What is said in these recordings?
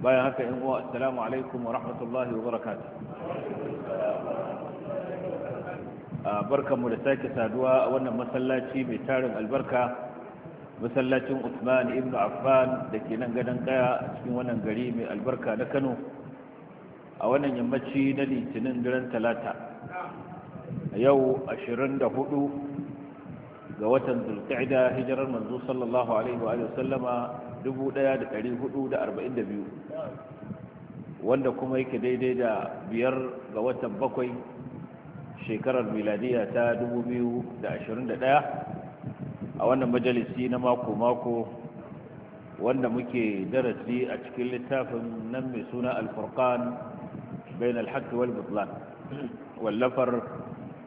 bayan haka in uwa assalamu alaikum wa rahmatullahi wa barakatuh barkanmu da sake saduwa a wannan masallaci mai tarin albarka masallacin Usman ibn Affan da ke nan gadon kaya a cikin wannan gari mai albarka na Kano a wannan yammaci na litinin daren talata a yau 24 ga watan zulqa'da hijirar manzo sallallahu alaihi wa sallama biyu wanda kuma yake daidai da biyar ga watan bakwai shekarar miladiya ta 2021 a wannan majalisi na mako-mako wanda muke darasi a cikin littafin nan mai suna alfurkan bayan alhaki wal wallafar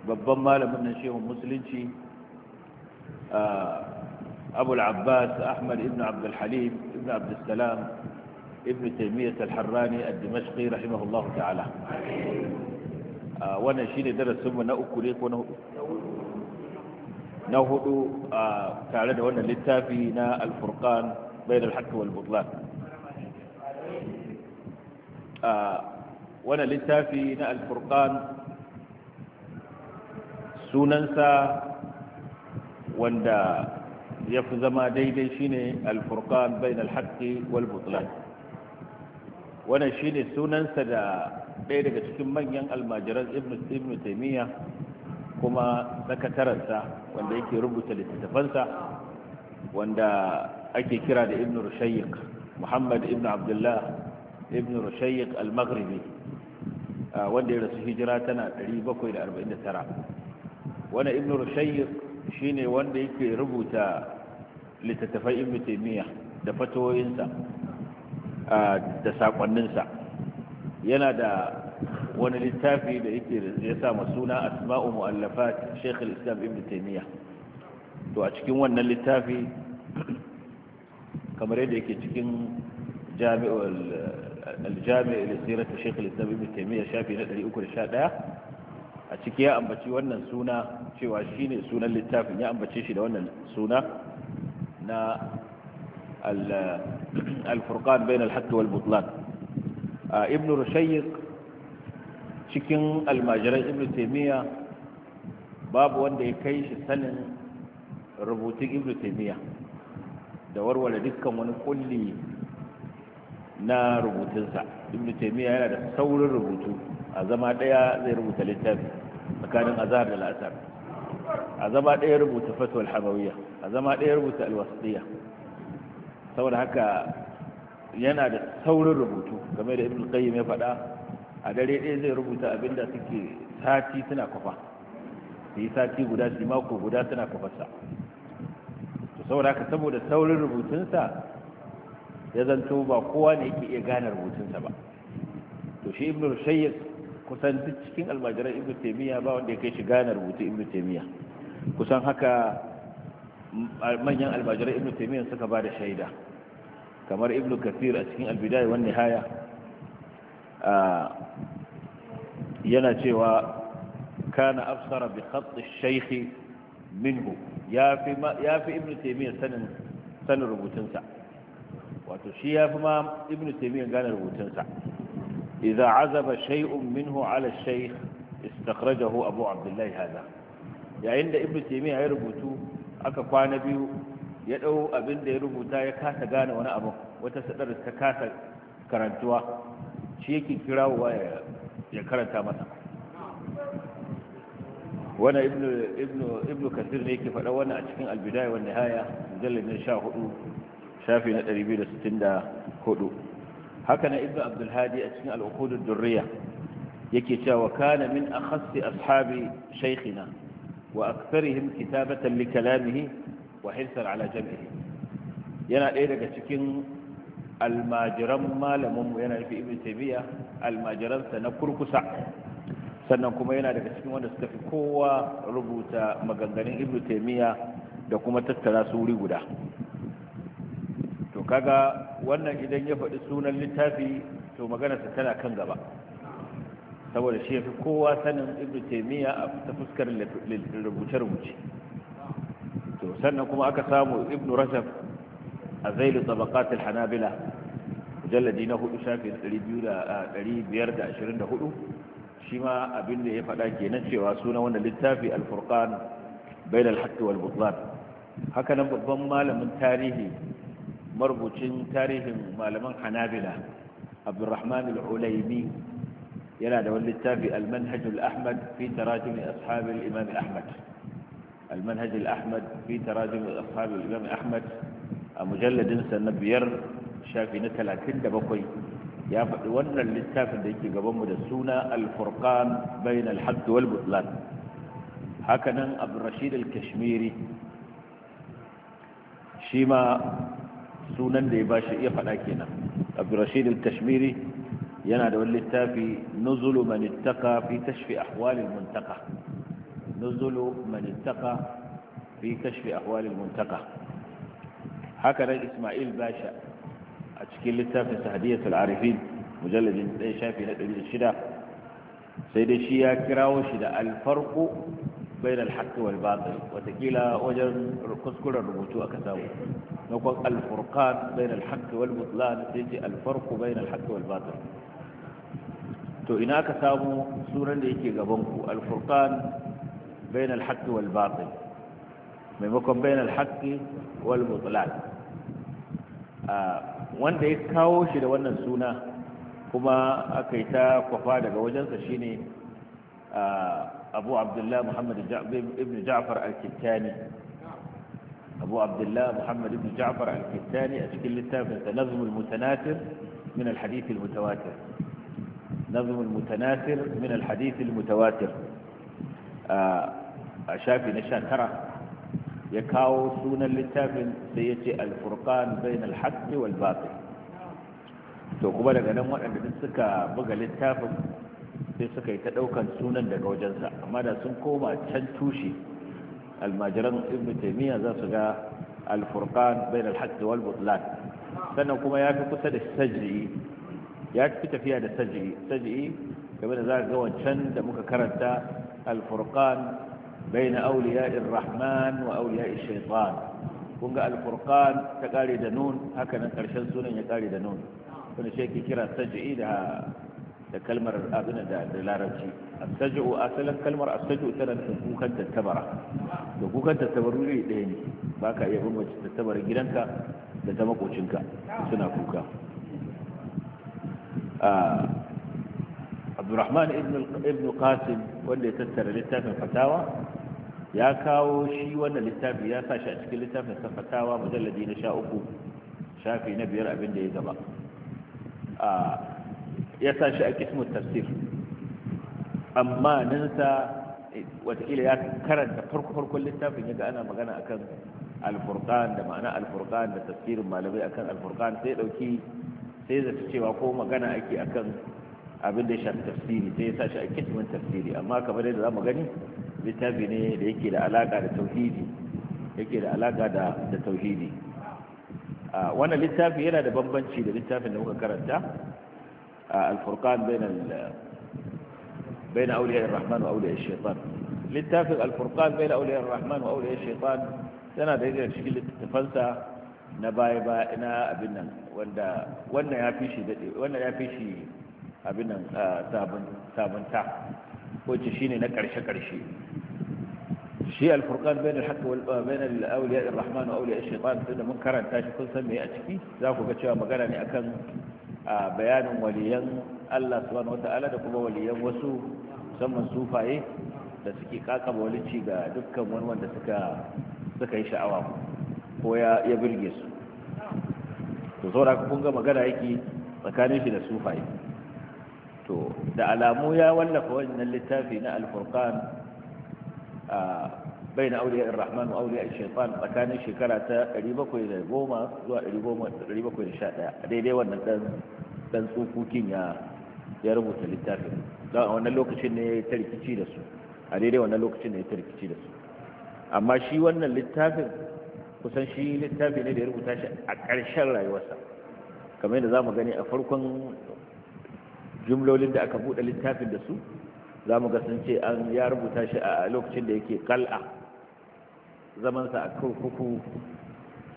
babban malamin nan shehun musulunci ah, أبو العباس أحمد بن عبد الحليم بن عبد السلام ابن تيمية الحراني الدمشقي رحمه الله تعالى آه، وانا شيري درس ثم نأكو إيه؟ ليك ونهد آه، تعالى وانا نا الفرقان بين الحق والبطلان آه، وانا نا الفرقان سننسى وانا لتافينا ya fi zama daidai shine alfurkan bain alhaqqi wal butlan wannan shine sunansa da ɗaya daga cikin manyan almajiran ibn taymiya kuma sakataransa wanda yake rubuta littattafansa wanda ake kira da ibn rushayyiq muhammad ibn abdullah ibn rushayyiq al-maghribi wanda ya rasu hijira tana 749 wani ibn rushayyiq shine wanda yake rubuta littattafai ibn taymiya da fatoyinsa da sakonninsa yana da wani littafi da yake ya sa suna asma'u mu'allafat Sheikh al-Islam Ibn Taymiyyah to a cikin wannan littafi kamar yadda yake cikin Jami'ul al-Jami' li sirati Sheikh al-Islam Ibn Taymiyyah shafi na 311 a ciki ya ambaci wannan suna cewa shine sunan littafin ya ambace shi da wannan suna na al-furqan bain al-haqq wal butlan ibn cikin almajiran ibn taymiya babu wanda ya kai shi sanin rubutun ibn taymiya da warware dukkan wani kulli na rubutunsa ibn taymiya yana da saurin rubutu a zama ɗaya zai rubuta littafi tsakanin azhar da la'asar a zama ɗaya rubuta fatwal habawiyya a zama ɗaya rubuta alwasiya saboda haka yana da saurin rubutu game da ibn qayyim ya faɗa a dare ɗaya zai rubuta abin da suke sati suna kwafa su yi sati guda su mako guda suna kwafarsa to saboda haka saboda saurin rubutunsa ya zanto ba kowa ne yake iya gane rubutunsa ba to shi ibn rushayyid kusan duk cikin almajiran ibnu taymiya ba wanda ya kai shi gane rubutu Ibn taymiya kusan haka manyan almajiran Ibn taymiya suka ba da shaida kamar Ibn kathir a cikin albidaya wani haya. yana cewa kana absara bi khatt ash-shaykh minhu yafi yafi ibnu taymiya sanin sanin rubutunsa wato shi yafi ma ibnu taymiya gane rubutunsa إذا عزب شيء منه على الشيخ استخرجه أبو عبد الله هذا yayin da ibnu taymiya ya rubutu aka kwana biyu ya dau abin da ya rubuta ya kasa gane wani abu wata sadar ta kasa karantuwa shi yake kirawowa ya ya karanta masa wani ibnu ibnu kasir ne yake faɗa wannan a cikin albidaya wa nihaya mujallad na haka na ibnu Abdulhadi, a cikin al durriya yake cewa kana min akhassi ashabi shaykhina wa aktharihim kitabatan li kalamihi wa hirsan ala jam'ihi yana ɗaya daga cikin almajiran malaminmu yana nufi ibn taymiya almajiransa na kurkusa sannan kuma yana daga cikin wanda suka fi kowa rubuta maganganun ibn taymiya da kuma tattara su wuri guda to kaga wannan idan ya faɗi sunan littafi to maganarsa tana kan gaba saboda shi fi kowa sanin ibn taimiyya a ta fuskar rubuce-rubuce to sannan kuma aka samu ibn Rashaf a zailu tabaqatul hanabila jalladi na hudu shafi 524 shi ma abin da ya faɗa kenan cewa suna wanda littafi Alfurkan bayan alhaqqi wal butlan haka nan babban malamin tarihi marubucin tarihin malaman hanabila abdurrahman al-ulaimi yana da wani littafi al-manhaj al-ahmad fi tarajum ashab al-imam ahmad al-manhaj al-ahmad fi tarajum ashab al-imam ahmad a mujalladin sa na biyar shafi na 37 ya faɗi wannan littafin da yake gaban mu da suna al-furqan bain al-haqq wal butlan hakanan abdurrashid al-kashmiri shi ma sunan da ya ba bashi iya faɗa kenan abdurrashid al-kashmiri yana da wani littafi nuzulu man ittaqa fi kashfi ahwal al-muntaqa nuzulu man ittaqa fi kashfi ahwal al haka nan isma'il basha a cikin littafin sahadiyat al-arifin mujalladin 1 shafi na 106 sai dai shi ya kirawo shi da al bayan alhaƙi wal batil watakila wajen kuskuren rubutu aka samu na kwan alfurkan bayan alhaƙi wal mutlan sai ce alfarku bayan alhaƙi wal batil to ina ka samu sunan da yake gabanku alfurkan bayan alhaƙi wal batil maimakon bayan alhaƙi wal mutlan wanda ya kawo shi da wannan suna kuma aka yi ta kwafa daga wajensa shine ne أبو عبد الله محمد بن جعفر الكتاني أبو عبد الله محمد بن جعفر الكتاني أشكل التافة نظم المتناثر من الحديث المتواتر نظم المتناثر من الحديث المتواتر آه، أشافي نشان ترى يكاو سونا للتافن سيتي الفرقان بين الحق والباطل تو kuma daga nan waɗanda duk suka buga littafin sai suka yi ta ɗaukan sunan daga wajensa amma da sun koma can tushe almajiran ibn taimiyya za su ga alfurkan bain alhaq wal butlan sannan kuma ya fi kusa da sajri ya fi tafiya da sajri game da za ga wancan da muka karanta alfurqan bain awliya'ir rahman wa awliya'ish shaytan kun ga alfurkan ta kare da nun haka nan karshen sunan ya kare da nun wani shi yake kira saji'i da da kalmar abin da da larabci astaj'u asalan kalmar astaj'u tana da kukan tattabara da kukan tattabaru ne ɗaya ne ba ka iya bambance tattabar gidanka da ta makocinka suna kuka ah, abdurrahman ibn qasim wanda ya tattara littafin fatawa ya kawo shi wannan littafi ya sa shi a cikin littafin sa fatawa mujalladi na sha uku shafi na biyar abin da ya gaba ah, ya sa shi a kismul tafsir amma ninsa eh, watakila ya karanta farko-farkon littafin yaga ana magana akan alfurkan da ma'ana alfurkan da tafsirin malamai akan alfurkan sai dauki sai zata cewa ko magana ake akan abin da ya shafi tafsiri sai ya sa shi a kismin tafsiri amma kamar yadda zamu gani littafi ne da yake da alaka da tauhidi yake da alaka da da tauhidi ah, wannan littafi yana da bambanci da littafin da muka karanta الفرقان بين ال... بين أولياء الرحمن وأولياء الشيطان littafin alfurkan bai da auliyar rahman wa auliyar shaitan tana da yadda cikin littafansa na baya ba na abin nan wanda wannan ya fi shi dade wannan ya fi shi abin nan sabon sabunta ko ce shine na karshe karshe shi alfurkan bai da haka bai da auliyar rahman wa auliyar shaitan tunda mun karanta shi kun san me a ciki za ku ga cewa magana ne akan A bayanin waliyan Allah subhanahu wata'ala da kuma waliyan wasu musamman sufaye da suke kaka walici ga dukkan wani wanda suka suka yi sha'awa ko ya ya birge su to saboda kun ga magana yake tsakanin shi da sufaye to da alamu ya wallafa wannan littafi na al a بين أولياء الرحمن وأولياء الشيطان مكان شكرة قريبة كويلة قومة زوا قريبة كويلة شاء دي دي وانا dan tsokokin ya ya rubuta littafin don a wannan lokacin ne ya tarkici da su a daidai wannan lokacin ne ya tarkici da su amma shi wannan littafin kusan shi littafi ne da ya rubuta shi a ƙarshen rayuwarsa kamar yadda za mu gani a farkon jumlolin da aka buɗe littafin da su za mu ga sun ce an ya rubuta shi a lokacin da yake kal'a zamansa a kurkuku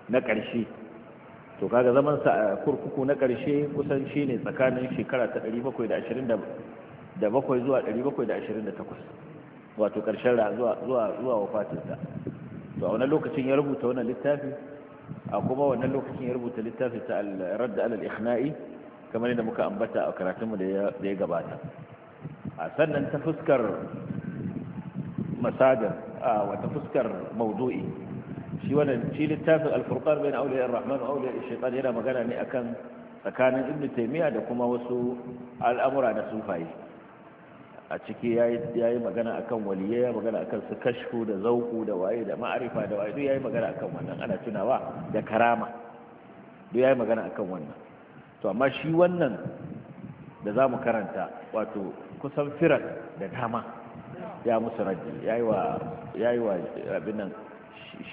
na ƙarshe to kaga zamansa a kurkuku na ƙarshe kusan shi ne tsakanin shekara ta 727 zuwa 728 wato ƙarshen ra zuwa wafatinsa to a wani lokacin ya rubuta wannan littafi a kuma wannan lokacin ya rubuta littafi ta radda alal ikhna'i kamar yadda muka ambata a karatunmu da ya gabata a sannan ta fuskar masadar wata fuskar mawdu'i shi wannan shi littafin al-furqan awliya ar-rahman wa awliya ash-shaytan yana magana ne akan tsakanin ibn taymiya da kuma wasu al'amura na sufaye a ciki yayi magana akan waliyai ya magana akan su kashfu da zauku da waye da ma'arifa da waye duk yayi magana akan wannan ana tunawa da karama duk yayi magana akan wannan to amma shi wannan da za mu karanta wato kusan firan da dama ya musu raji ya yi wa abin nan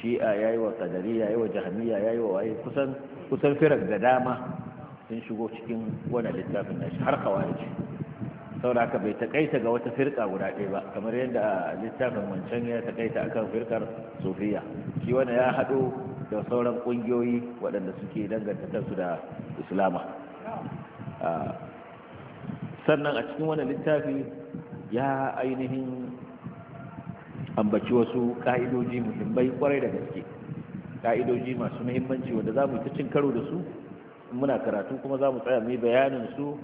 shi'a yi wa ya yi wa jahamiya ya yi wa waye kusan firar da dama sun shigo cikin wani littafin nashi har kawai saboda haka bai takaita ga wata firka guda ɗaya ba kamar yadda littafin wancan ya takaita akan firkar sofiya shi wani ya haɗo da sauran ƙungiyoyi waɗanda suke danganta kansu da islama ah, sannan a cikin wani littafi ya ainihin ambaci wasu ka'idoji muhimmai kwarai da gaske ka'idoji masu muhimmanci wanda za mu ta cin karo da su muna karatu kuma za mu tsaya mai bayanin su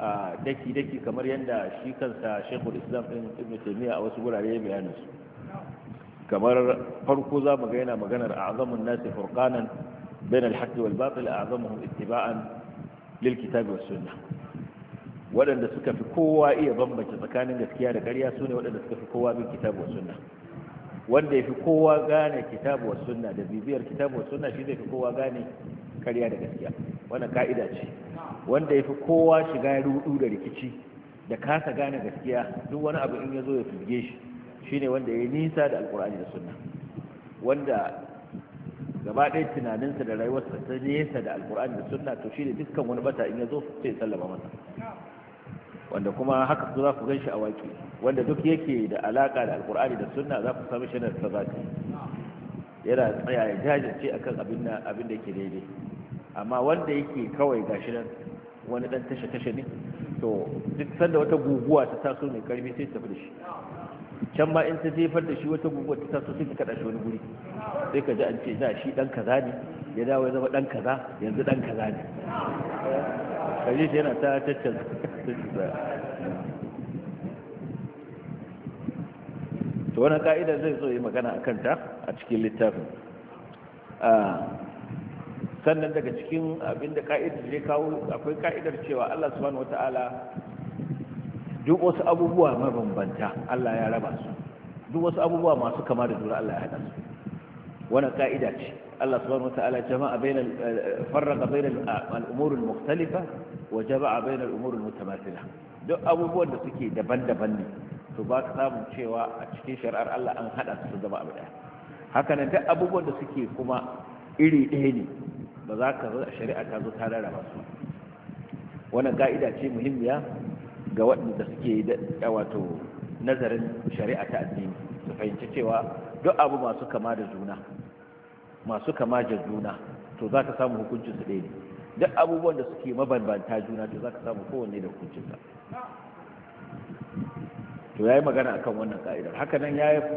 a daki-daki kamar yadda shi kansa shekul islam ɗin ibn taimiyya a wasu wurare ya bayanin su kamar farko za mu ga yana maganar azamun nasi furqanan bain al wal batil azamuhum ittiba'an lil kitabi was waɗanda suka fi kowa iya bambance tsakanin gaskiya da ƙarya su ne waɗanda suka fi kowa bin kitabu wa sunna wanda ya fi kowa gane kitabu wa sunna da bibiyar kitabu wa sunna shi zai fi kowa gane ƙarya da gaskiya wannan ka'ida ce wanda ya fi kowa shiga rudu da rikici da kasa gane gaskiya duk wani abu in ya zo ya fige shi shine wanda ya nisa da alkur'ani da sunna wanda gaba ɗaya tunaninsa da rayuwarsa ta nesa da alkur'ani da sunna to shi ne dukkan wani bata in ya zo sai sallama masa wanda kuma haka za ku gan shi a waƙi wanda duk yake da alaƙa da alƙur'ani da sunna za ku sami shi na sabati yana tsaya ya jajirce akan abin da abin da yake daidai amma wanda yake kawai gashi nan wani dan tashe tashe ne to duk sanda wata guguwa ta taso mai karfi sai ta da shi can ma in ta jefar da shi wata guguwa ta taso sai ta kada shi wani guri sai ka ji an ce za shi dan kaza ne ya dawo ya zama dan kaza yanzu dan kaza ne Kaji shi yana ta tattalin to wani ka'idar zai so yi magana a kanta a cikin littafin sannan daga cikin abinda ka'idar zai kawo akwai ka'idar cewa Allah subhanahu wata'ala duk wasu abubuwa mabambanta Allah ya raba su duk wasu abubuwa masu kama da jura Allah ya haɗa su wannan ka'ida ce Allah subhanahu wata'ala jama'a bainal eh, farraqa bainal al ah, al-mukhtalifa waje ba a bainar umurin mutamasila duk abubuwan da suke daban-daban ne to ba ka samun cewa a cikin shari'ar Allah an haɗa su zama abu ɗaya haka nan abubuwan da suke kuma iri ɗaya ne ba za ka zo a shari'a ta zo ta rarraba su wani ga'ida ce muhimmiya ga waɗanda suke da wato nazarin shari'a ta addini su fahimci cewa duk abu masu kama da juna masu kama da juna to za ka samu hukuncin su ɗaya ne duk abubuwan da suke mabambanta juna to za ka samu kowanne da hukuncinsa to ya yi magana a kan wannan ka'idar nan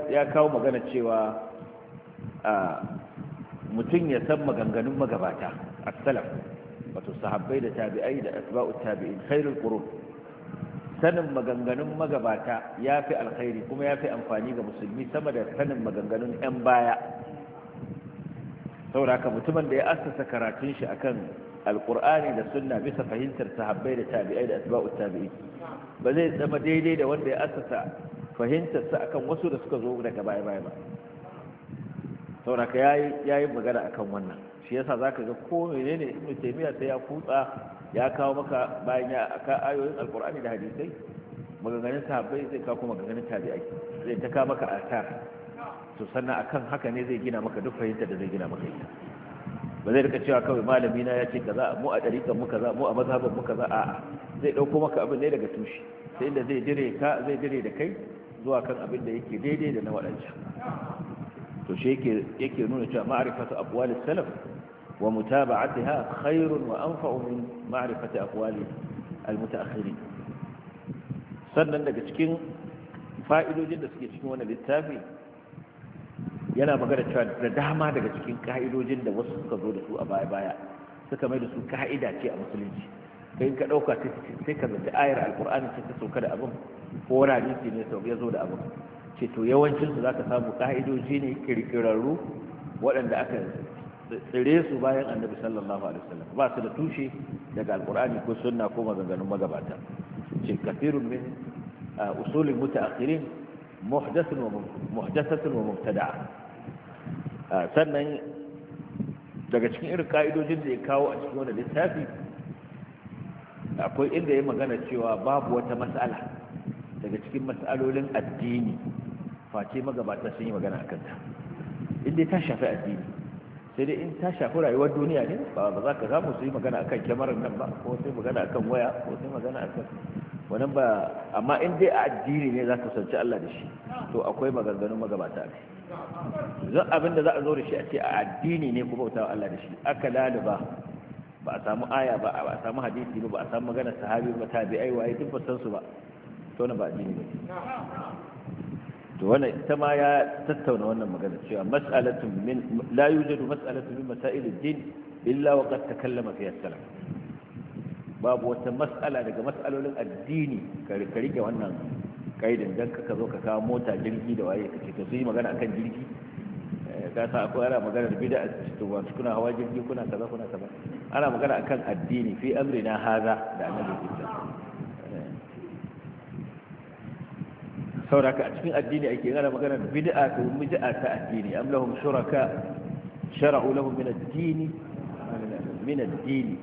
ya kawo magana cewa mutum ya san maganganun magabata a salaf wato sahabbai da tabi'ai da asba'u tabi'in khairul qurun sanin maganganun magabata ya fi alkhairi kuma ya fi amfani ga musulmi sama da sanin maganganun 'yan baya saboda haka mutumin da ya assasa karatun shi akan alkur'ani da sunna bisa fahimtar sahabbai da tabi'ai da asba'u tabi'i ba zai zama daidai da wanda ya asasa fahimtar sa akan wasu da suka zo daga baya baya ba sauraka yayi yayi magana akan wannan shi yasa zaka ga ko menene ibnu taymiya sai ya kutsa ya kawo maka bayan ya aka ayoyin alkur'ani da hadisai maganganun sahabbai zai kawo kuma maganganun tabi'ai zai ta kawo maka asar to sannan akan haka ne zai gina maka duk fahimtar da zai gina maka ita ba zai rika cewa kawai malami na ya ce kaza mu a ɗariƙan mu kaza mu a mazhaban mu kaza a'a zai ɗauko maka abin ne daga tushe sai da zai dire ka zai dire da kai zuwa kan abin da yake daidai da na waɗancan to shi yake yake nuna cewa ma'rifatu aqwali salaf wa mutaba'atiha khairun wa anfa'u min ma'rifati aqwali al-mutaakhirin sannan daga cikin fa'idojin da suke cikin wannan littafi yana magana cewa da dama daga cikin ka'idojin da wasu suka zo da su a baya-baya suka mai da su ka'ida ce a musulunci sai ka ɗauka sai ka zaci ayar alkur'ani ce ta sauka da abin ko wani hadisi ne sau ya zo da abin ce to yawancin su zaka samu ka'idoji ne kirkirarru waɗanda aka tsire su bayan annabi sallallahu alaihi wasallam ba su da tushe daga alkur'ani ko sunna ko maganganun magabata ce kafirun min uh, usulin mutaakhirin محدث ومبتدعة Ah, sannan daga cikin irin ka'idojin da ya kawo a cikin wani littafi akwai inda ya magana cewa babu wata matsala daga cikin matsalolin addini face magabata sun yi magana a kanta inda ta shafi addini sai dai in ta shafi rayuwar duniya ne ba za ka samu su yi magana akan kyamarar nan ba ko sai magana akan waya ko sai magana akan wannan ba amma in dai a addini ne za ka sanci Allah da shi to akwai maganganun magabata ne zan abin da za a zo da shi a ce a addini ne kuma bauta wa Allah da shi aka laluba ba a samu aya ba ba a samu hadisi ba ba a samu magana sahabi ba tabi'ai waye duk ba san su ba to na ba addini ne to wannan ita ma ya tattauna wannan magana cewa mas'alatun min la yujadu mas'alatun min masail din illa wa qad takallama fiha salaf babu wata mas'ala daga mas'alolin addini ka rike wannan kaidin dan ka zo ka kawo mota jirgi da waye kace to sai magana akan jirgi eh, ka sa akwai ana magana da bid'a to ba kuna hawa jirgi kuna kaza kuna kaza ana magana akan addini fi amrina haza da annabi sauraka eh. a cikin addini ake gana magana bid'a to bid'a ta addini am lahum shuraka shara'u lahum min ad-dini min ad-dini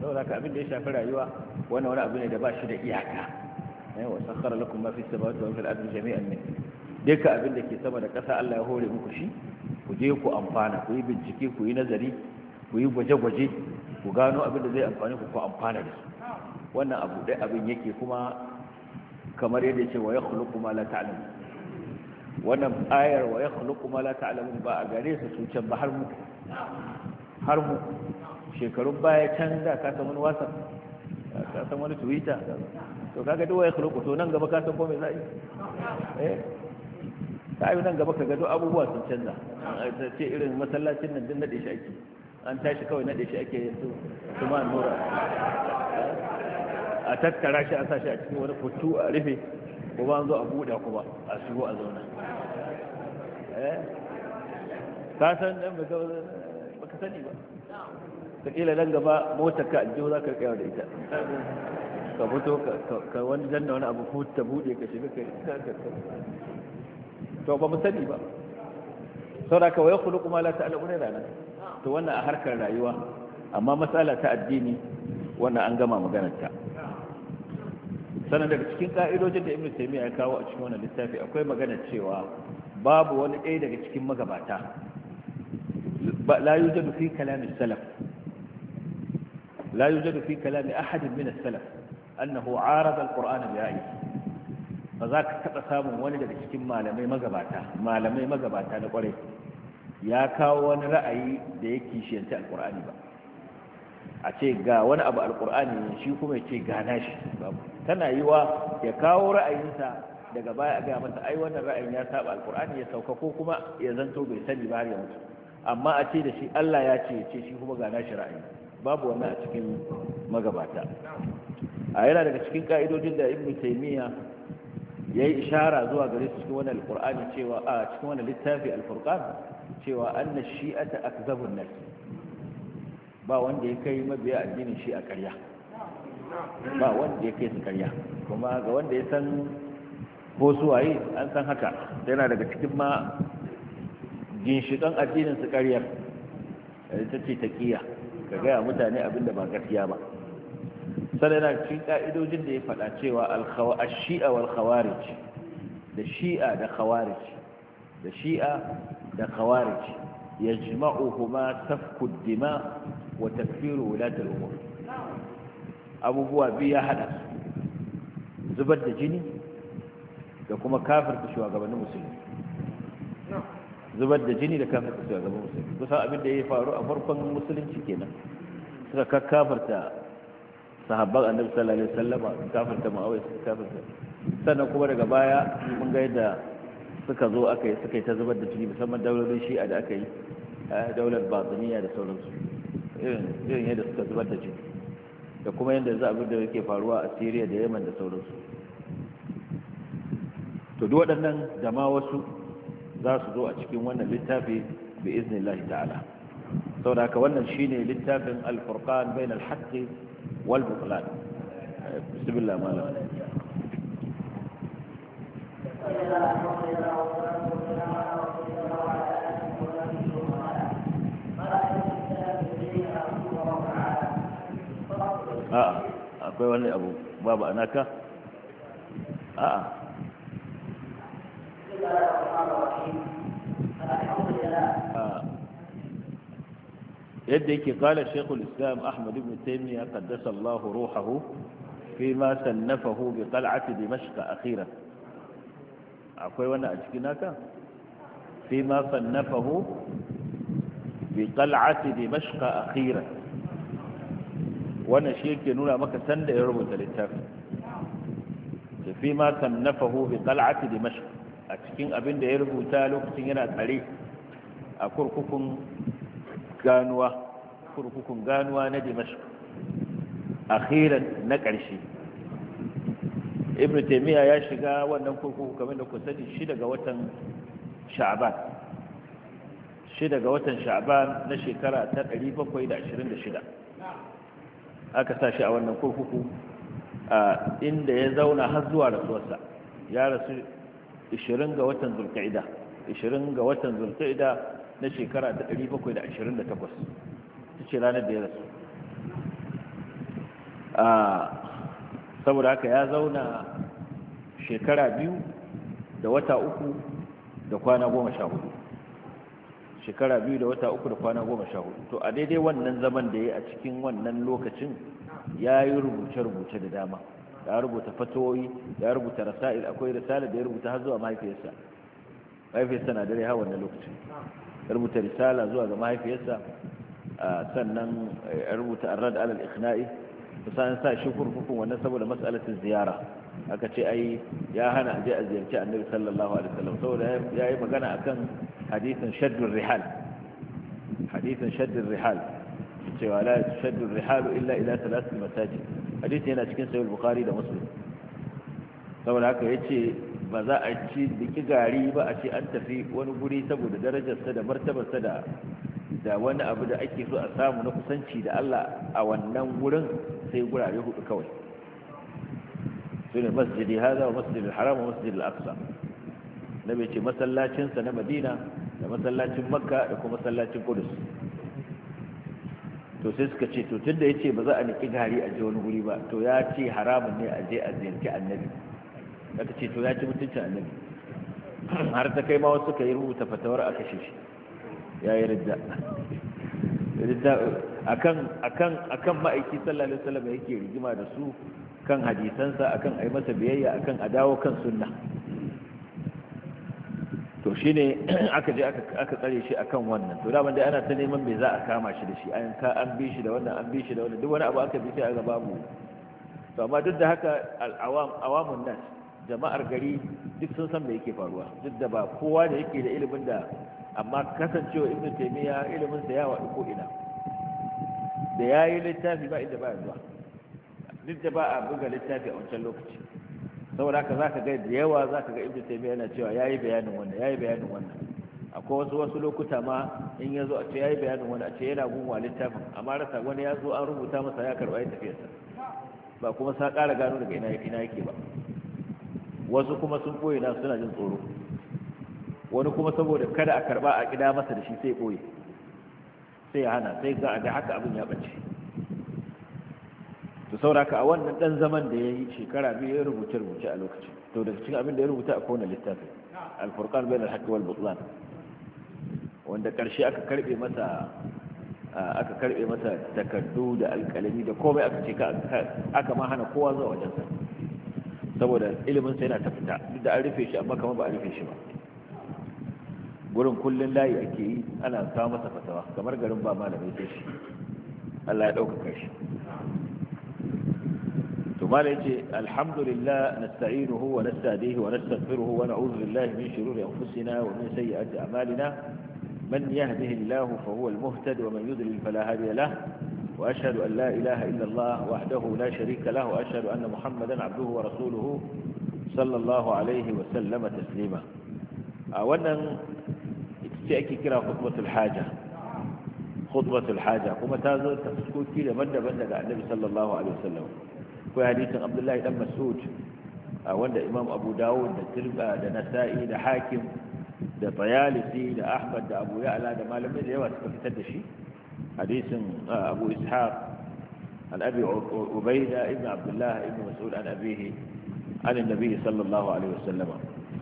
sauraka abin da ya shafi rayuwa wannan wani abu ne da ba shi da iyaka wa sakhara lakum ma fi samawati wa fil ardi jami'an min deka abin da ke sama da ƙasa Allah ya hore muku shi ku je ku amfana ku yi bincike ku yi nazari ku yi gwaje-gwaje ku gano abin da zai amfani ku ku amfana da su wannan abu dai abin yake kuma kamar yadda ce wa yakhluqu ma la ta'lamu wannan ayar wa yakhluqu ma la ta'lamu ba a gare su su can ba har mu har mu shekarun baya can da ka san wani whatsapp ka san wani twitter to kaga duk wai khuluqu to nan gaba ka san ko me zai eh sai nan gaba kaga duk abubuwa sun canza ce irin masallacin nan din nade shi ake an tashi kawai nade shi ake yanzu kuma nura a tattara shi a sashi a cikin wani kutu a rufe ko ba an zo a ko kuma a shigo a zauna eh ka san dan baka sani ba ta ƙila nan gaba motar ka aljihu za ka rikewa da ita ka fito ka wani janna wani abu ta bude ka shiga kai to ba mu sani ba saboda ka waye kulu kuma la ta'ala ne rana to wannan a harkar rayuwa amma matsala ta addini wannan an gama maganar ta sannan daga cikin ka'idojin da ibnu taymiya ya kawo a cikin wannan littafi akwai magana cewa babu wani ɗaya daga cikin magabata la yujadu fi kalamin salaf la yujadu fi kalamin ahadin min salaf annahu arada alqur'ana bi ayi ba za ka taba samun wani daga cikin malamai magabata malamai magabata na kwarai ya kawo wani ra'ayi da ya kishiyanta alqur'ani ba a ce ga wani abu alqur'ani shi kuma ya ga nashi tana yiwa ya kawo ra'ayinsa daga baya ga mata ai wannan ra'ayin ya saba alqur'ani ya sauka ko kuma ya zanto bai sani ba har ya mutu amma a ce da shi Allah ya ce ya ce shi kuma ga nashi ra'ayi babu wannan a cikin magabata a yana daga cikin ka'idojin da ibn taymiya ya yi ishara zuwa gare su cikin wannan alqur'ani cewa a cikin wannan littafi alfurqan cewa anna shi'ata akzabun nas ba wanda ya kai mabiya addinin shi a ƙarya ba wanda ya kai su ƙarya kuma ga wanda ya san ko suwaye an san haka yana daga cikin ma ginshiƙan addinin su ƙaryar ta ce ta taƙiya ka gaya mutane abin da ba gaskiya ba sannan yana cikin ka'idojin da ya faɗa cewa al-shi'a wal khawarij da shi'a da khawarij da shi'a da khawarij yajma'uhuma safku dima wa takfiru wulat al abubuwa biyu ya hada zubar da jini da kuma kafirta shugabannin musulmi zubar da jini da kafirta shugabannin musulmi kusan abin da ya faru a farkon musulunci kenan suka kakkafarta sahabban annabi sallallahu alaihi wasallama kafinta muawiya suka kafinta sannan kuma daga baya mun ga yadda suka zo aka yi suka yi ta zubar da jini musamman daularin shi'a da aka yi eh, daular batiniya da sauransu irin yadda suka zubar da jini da kuma yadda za a abin da yake faruwa a syria da yaman da sauransu to duk waɗannan da ma wasu za su zo a cikin wannan littafi bi iznillahi ta'ala saboda haka wannan shine littafin al-furqan bainal haqqi والبطلان بسم الله ما لك آه أقول ولا أبو بابا أناك آه بسم الله الرحمن الرحيم yadda yake kala shekul islam ahmad ibn taymiya qaddasa allah ruhahu fi ma sannafahu bi qal'ati dimashq akhiran akwai wani a cikin haka fi ma sannafahu bi qal'ati dimashq akhiran wannan shi yake nuna maka sanda ya rubuta littafin fi ma sannafahu bi qal'ati dimashq a cikin abin da ya rubuta lokacin yana tsare a kurkukun ganuwa kurkukun ganuwa na dimashq akhiran na ƙarshe ibnu taymiya ya shiga wannan kurkuku kamar da ku sani shi daga watan sha'ban shi daga watan sha'ban na shekara ta 726 aka sa shi a wannan kurkuku inda ya zauna har zuwa rasuwarsa ya rasu 20 ga watan zulqa'ida 20 ga watan zulqa'ida na shekara ta 728 ta ce ranar da ya rasu ah, saboda haka ya zauna shekara biyu da wata uku da kwana goma sha hudu shekara biyu da wata uku da kwana goma sha hudu to a daidai wannan zaman da ya a cikin wannan lokacin ya yi rubuce-rubuce da dama ya rubuta fatoyi ya rubuta rasa'il akwai rasa'il da ya rubuta har zuwa mahaifiyarsa mahaifiyarsa na dare ha wannan lokacin rubuta risala zuwa ga mahaifiyarsa sannan eh, ya rubuta arrad alal ikhna'i kusan sa shi kurkukun wannan saboda mas'alatin ziyara aka ce ai ya hana aje a ziyarci annabi sallallahu alaihi wasallam saboda ya yi magana akan hadisin shaddur rihal hadisin shaddur rihal cewa la shaddur rihal illa ila thalathati masajid hadisi yana cikin sahih bukhari da muslim saboda haka yace ba za a ci biki gari ba a ce an tafi wani guri saboda darajarsa da martabarsa da da wani abu da ake so a samu na kusanci da Allah a wannan wurin sai gurare hudu kawai sune masjidi hada wa masjidi haram wa masjidi al-aqsa bai ce masallacinsa na Madina da masallacin Makka da kuma masallacin Kudus. to sai suka ce to tunda ce ba za a niki gari a je wani guri ba to ya ce haramun ne a je a ziyarci annabi aka ce to ya ci mutuncin annabi har ta kai ma wasu suka yi rubuta fatawar a kashe shi ya yi ridda akan akan akan ma'aiki sallallahu alaihi wasallam yake rigima da su kan hadisansa akan ai masa biyayya akan a dawo kan sunna to shine aka je aka tsare shi akan wannan to daman dai ana ta neman me za a kama shi da shi an ka an bi shi da wannan an bi shi da wannan duk wani abu aka bi sai a gaba mu to amma duk da haka al-awam awamun nas jama'ar gari duk sun san me yake faruwa duk da ba kowa da yake da ilimin da amma kasancewa ibnu taymiya ilimin sa ya wadu ko ina da yayi littafi ba inda ba zuwa duk da ba a buga littafi a wancan lokaci saboda haka zaka ga da yawa zaka ga ibnu taymiya yana cewa yayi bayanin wannan yayi bayanin wannan akwai wasu wasu lokuta ma in ya zo a ce yayi bayanin wani a ce yana a littafin amma rasa wani ya zo an rubuta masa ya karɓa ya tafiyarsa ba kuma sa ƙara gano daga ina yake ba wasu kuma sun ɓoye na suna jin tsoro wani kuma saboda kada a karba a gida masa da shi sai ɓoye sai ya hana sai ga ga haka abin ya bace to ka a wannan dan zaman da ya yi shekara biyu ya rubuce rubuce a lokaci to daga cikin abin da ya rubuta a wannan littafin alfurkan bai na haqqi wal butlan wanda ƙarshe aka karbe masa aka karbe masa takardu da alkalami da komai aka ce aka ma hana kowa zuwa wajensa saboda ilimin sai yana ta fita duk da an rufe shi amma kamar ba a rufe shi ba gurin kullun layi ake yi ana samu masa fatawa kamar garin ba malamai sai shi Allah ya ɗaukaka shi to malai ce alhamdulillah nasta'inuhu wa nasta'idihi wa nastaghfiruhu wa na'udhu billahi min shururi anfusina wa min sayyiati a'malina من يهده الله فهو المهتد ومن يضلل فلا هادي له وأشهد أن لا إله إلا الله وحده لا شريك له وأشهد أن محمدا عبده ورسوله صلى الله عليه وسلم تسليما أولا ake kira khutbatul haja kuma ta zo ta fuskoki daban-daban daga annabi sallallahu alaihi wasallam akwai hadisin abdullahi dan mas'ud wanda imam abu dawud da tirba da nasa'i da hakim da tayalisi da ahmad da abu ya'la da malamai da yawa suka fitar da shi hadisin ah, abu ishaq an abi ubaida ibn abdullah ibn mas'ud an abihi an annabi sallallahu alaihi wasallam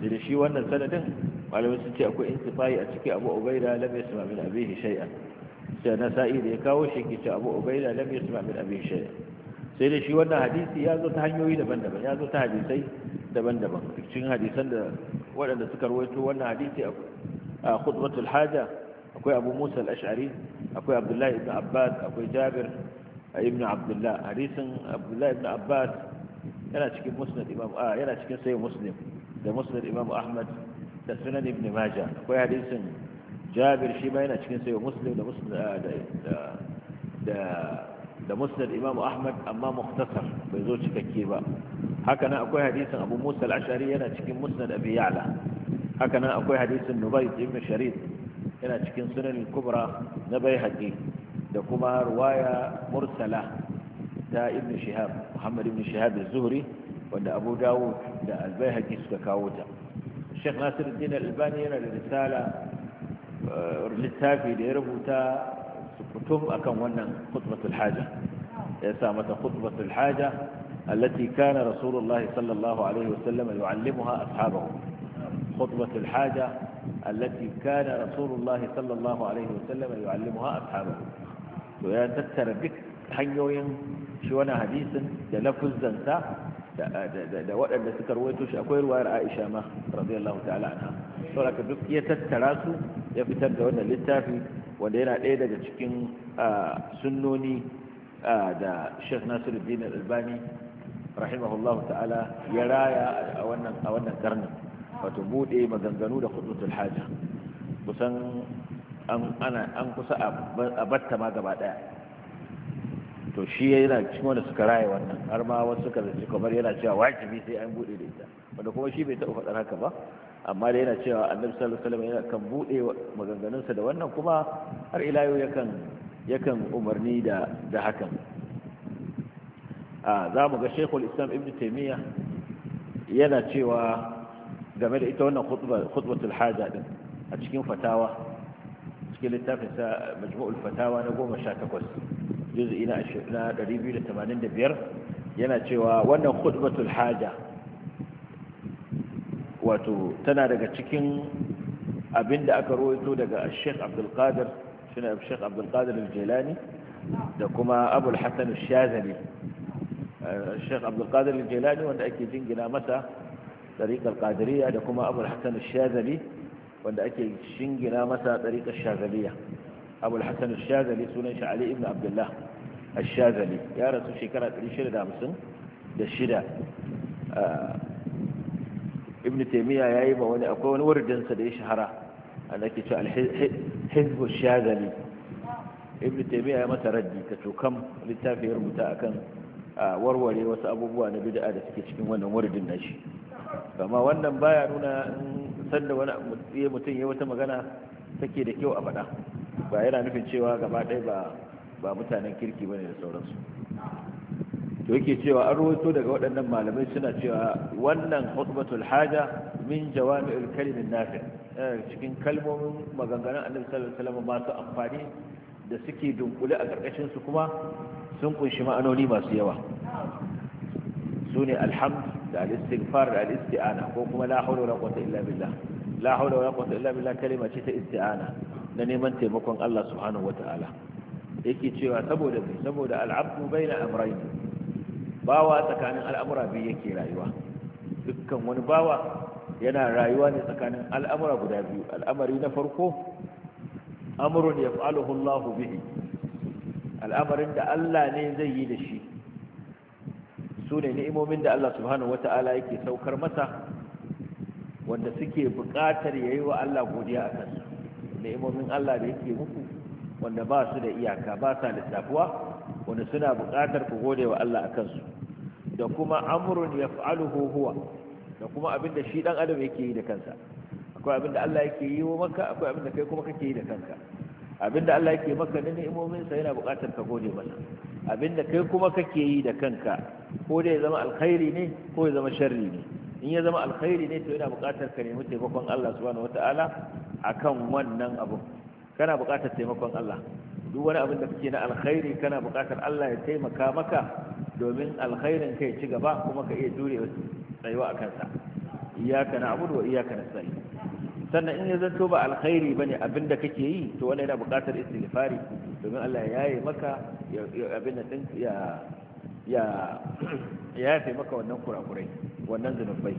da shi wannan sanadin malamai sun ce akwai intifai a ciki abu ubaida lam yasma min abihi shay'an sai na sa'i ya kawo shi ke ce abu min sai da shi wannan hadisi ya zo ta hanyoyi daban-daban ya zo ta hadisai daban-daban cikin hadisan da waɗanda suka rawaito wannan hadisi a khutbatul haja akwai abu musa al-ash'ari akwai abdullahi ibn abbas akwai jabir ibn abdullah hadisin abdullahi ibn abbas yana cikin musnad imam a ah, yana cikin sai muslim da musnad imam ahmad da sunan ibn majah akwai hadisin jabir shi ma yana cikin sai muslim da musnad ah, da da musnad imam ahmad amma mukhtasar bai zo cikakke ba haka nan akwai hadisin abu musa al-ashari yana cikin musnad abi ya'la haka nan akwai hadisin nubayt ibn sharid yana cikin sunan kubra na bai haƙi da kuma ruwaya mursala ta ibn shihab muhammad ibn shihab zuhri wanda abu dawud da albai haƙi suka kawo ta sheikh nasiruddin albani yana da risala eh, littafi da ya rubuta sukutum akan wannan khutbatul haja ya sa mata khutbatul haja التي كان رسول الله صلى الله عليه وسلم يعلمها أصحابه خطبة الحاجة التي كان رسول الله صلى الله عليه وسلم يعلمها أصحابه ويا تتر بك حيوين شوانا حديثا دلفز زنسا da waɗanda suka ruwaito shi akwai ruwayar Aisha ma radiyallahu ta'ala anha saboda duk ya tattara su ya fitar da wannan littafi wanda yana ɗaya daga cikin sunnoni da Sheikh Nasiruddin Albani rahimahullahu ta'ala ya raya a wannan a wato buɗe maganganu da kudutul haja kusan an kusa a batta ma gaba ɗaya to shi yana cikin wanda suka raye wannan har ma wasu suka zace kamar yana cewa wajibi sai an bude da ita wanda kuma shi bai taɓa faɗar haka ba amma da yana cewa annabi sallallahu alaihi wasallam yana kan buɗe maganganunsa da wannan kuma har ila yau yakan yakan umarni da da hakan a za mu ga shekul islam ibn taimiyya yana cewa game da ita wannan khutbatul haja din a cikin fatawa cikin littafin sa majmu'ul fatawa na 18 juz'i na 285 yana cewa wannan khutbatul haja wato tana daga cikin abinda aka rawaito daga Sheikh Abdul Qadir shine Sheikh Abdul Qadir al-Jilani da kuma Abu al-Hasan al-Shazali Sheikh Abdul Qadir al-Jilani wanda ake jingina mata. tariƙar ƙadiriya da kuma abul hasan shazali wanda ake shingina masa tariƙar shazaliya abul hasan shazali sunan shi ali ibn abdullah shazali ya rasu shekara 650 da shida ah, ibn taimiyya ya yi ba wani akwai wani wurdinsa da ya shahara a ke ce alhizbu shazali ibn taimiyya ya masa raddi ka cokam littafi ya rubuta akan ah, warware wasu abubuwa na bid'a da suke cikin wannan wurdin nashi shi amma wannan baya nuna sanda wani eh, mutum ya wata magana take da kyau a faɗa ba yana nufin cewa gaba ɗaya ba ba mutanen kirki bane da sauransu to yake cewa an rawaito daga waɗannan malamai suna cewa wannan hutbatul haja min jawami'ul kalimin nafi' cikin kalmomin maganganun annabi sallallahu alaihi wasallam masu amfani da suke dunkule a ƙarƙashin su kuma sun kunshi ma'anoni masu yawa sune alhamdu da al-istighfar da al-isti'ana ko kuma la hawla wala quwwata illa billah la hawla wala quwwata illa billah kalma ce ta isti'ana na neman taimakon Allah subhanahu wataala yake cewa saboda me saboda al-abdu baina amrayn bawa tsakanin al'amura biyu yake rayuwa dukkan wani bawa yana rayuwa ne tsakanin al'amura guda biyu al'amari na farko amrun yaf'aluhu Allah bihi al'amarin da Allah ne zai yi da shi su ne ni'imomin da Allah subhanahu wata'ala yake saukar masa wanda suke buƙatar ya yi wa Allah godiya a kansu ni'imomin Allah da yake muku wanda ba su da iyaka ba sa lissafuwa wanda suna buƙatar ku gode wa Allah a kansu da kuma amrun ya yaf'aluhu huwa da kuma abin da shi dan adam yake yi da kansa akwai abin da Allah yake yi wa maka akwai abin da kai kuma kake yi da kanka abin da Allah yake maka na ni'imomin sa yana buƙatar ka gode masa abin da kai kuma kake yi da kanka ko dai ya zama alkhairi ne ko ya zama sharri ne in ya zama alkhairi ne to yana buƙatar ka nemi taimakon Allah subhanahu wataala akan wannan abu kana buƙatar taimakon Allah duk wani abin da kake na alkhairi kana buƙatar Allah ya taimaka maka domin alkhairin kai ci gaba kuma ka iya jurewa, tsayuwa a kansa iyaka na abudu wa iyaka na tsari sannan in ya zanto ba alkhairi bane abin da kake yi to wannan yana buƙatar istighfari domin Allah ya yaye maka abin da ya ya ya yafe maka wannan kurakurai wannan zunubai